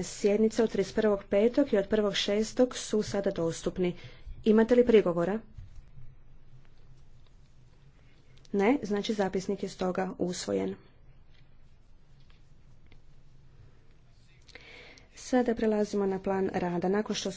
Sjednice od 31.5. i od 1.6. su sada dostupni. Imate li prigovora? Ne, znači zapisnik je stoga usvojen. Sada prelazimo na plan rada. Nakon što